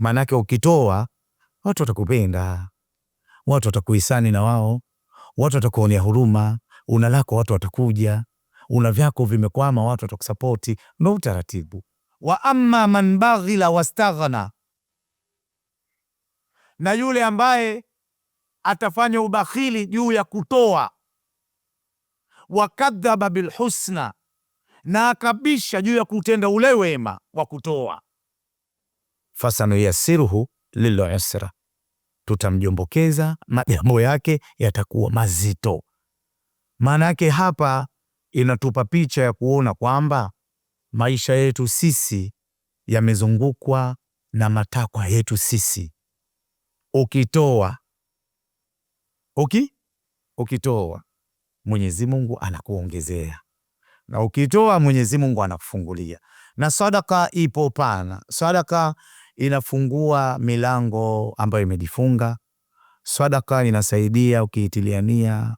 maanake ukitoa watu watakupenda, watu watakuhisani na wao, watu watakuonea huruma, una lako watu watakuja, una vyako vimekwama, watu watakusapoti. Ndo utaratibu wa amma man baghila wastaghna, na yule ambaye atafanya ubakhili juu ya kutoa, wakadhaba bilhusna, na akabisha juu ya kutenda ule wema wa kutoa fasanuyasiruhu lilusra, tutamjombokeza majambo yake yatakuwa mazito. Maana yake hapa inatupa picha ya kuona kwamba maisha yetu sisi yamezungukwa na matakwa yetu sisi. Ukitoa uki ukitoa, Mwenyezi Mungu anakuongezea, na ukitoa Mwenyezi Mungu anakufungulia. Na sadaka ipo pana, sadaka inafungua milango ambayo imejifunga. Swadaka inasaidia ukiitilia nia,